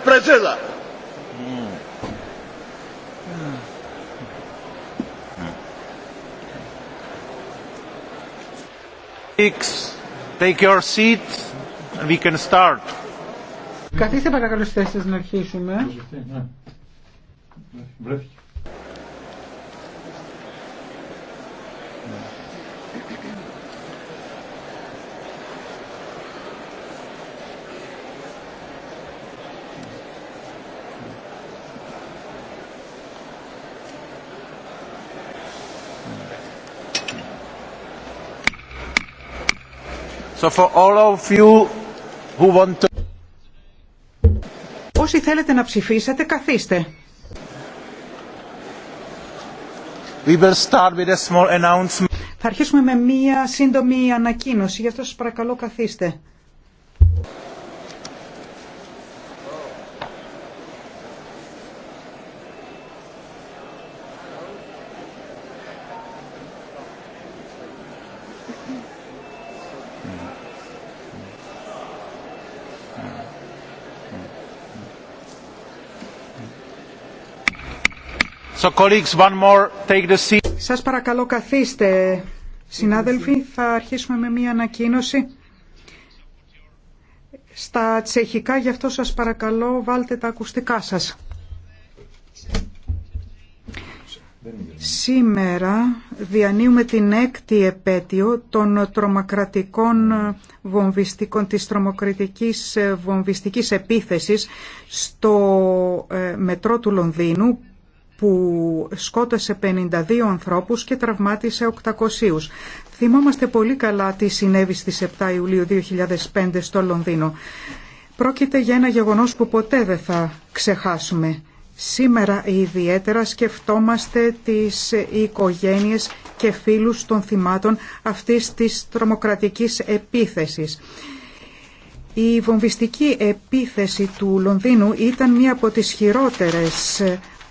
presela. Take your seat. We can start. Καθίστε παρακαλώ στις θέσεις να αρχίσουμε. Βρέθηκε. Όσοι θέλετε να ψηφίσετε, καθίστε. We will start with a small announcement. Θα αρχίσουμε με μία σύντομη ανακοίνωση, γι' αυτό σας παρακαλώ καθίστε. So, Σας παρακαλώ καθίστε. Συνάδελφοι, θα αρχίσουμε με μία ανακοίνωση. Στα τσεχικά, γι' αυτό σας παρακαλώ βάλτε τα ακουστικά σας. Σήμερα διανύουμε την έκτη επέτειο των τρομακρατικών βομβιστικών, της τρομοκρατικής βομβιστικής επίθεσης στο ε, μετρό του Λονδίνου που σκότωσε 52 ανθρώπους και τραυμάτισε 800. Θυμόμαστε πολύ καλά τι συνέβη στις 7 Ιουλίου 2005 στο Λονδίνο. Πρόκειται για ένα γεγονός που ποτέ δεν θα ξεχάσουμε. Σήμερα ιδιαίτερα σκεφτόμαστε τις οικογένειες και φίλους των θυμάτων αυτής της τρομοκρατικής επίθεσης. Η βομβιστική επίθεση του Λονδίνου ήταν μία από τις χειρότερες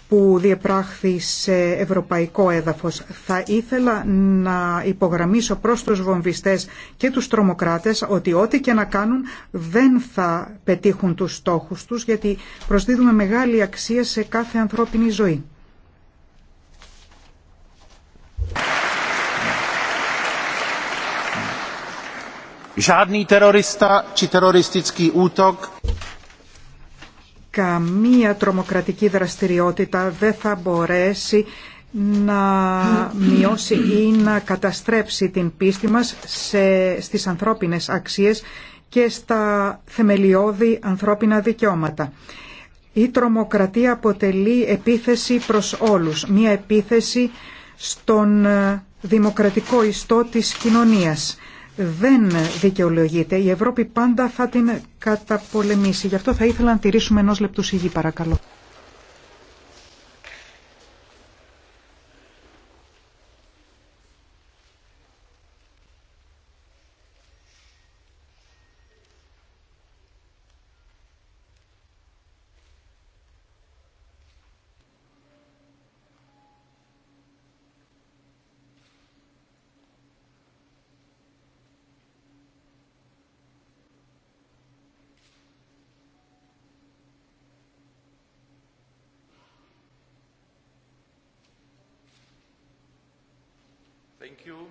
που διεπράχθη σε ευρωπαϊκό έδαφος. Θα ήθελα να υπογραμμίσω προς τους βομβιστές και τους τρομοκράτες ότι ό,τι και να κάνουν δεν θα πετύχουν τους στόχους τους γιατί προσδίδουμε μεγάλη αξία σε κάθε ανθρώπινη ζωή. Žádný terorista či teroristický útok καμία τρομοκρατική δραστηριότητα δεν θα μπορέσει να μειώσει ή να καταστρέψει την πίστη μας σε, στις ανθρώπινες αξίες και στα θεμελιώδη ανθρώπινα δικαιώματα. Η τρομοκρατία αποτελεί επίθεση προς όλους, μία επίθεση στον ε, δημοκρατικό ιστό της κοινωνίας δεν δικαιολογείται. Η Ευρώπη πάντα θα την καταπολεμήσει. Γι' αυτό θα ήθελα να τηρήσουμε ενό λεπτού σιγή παρακαλώ. Thank you.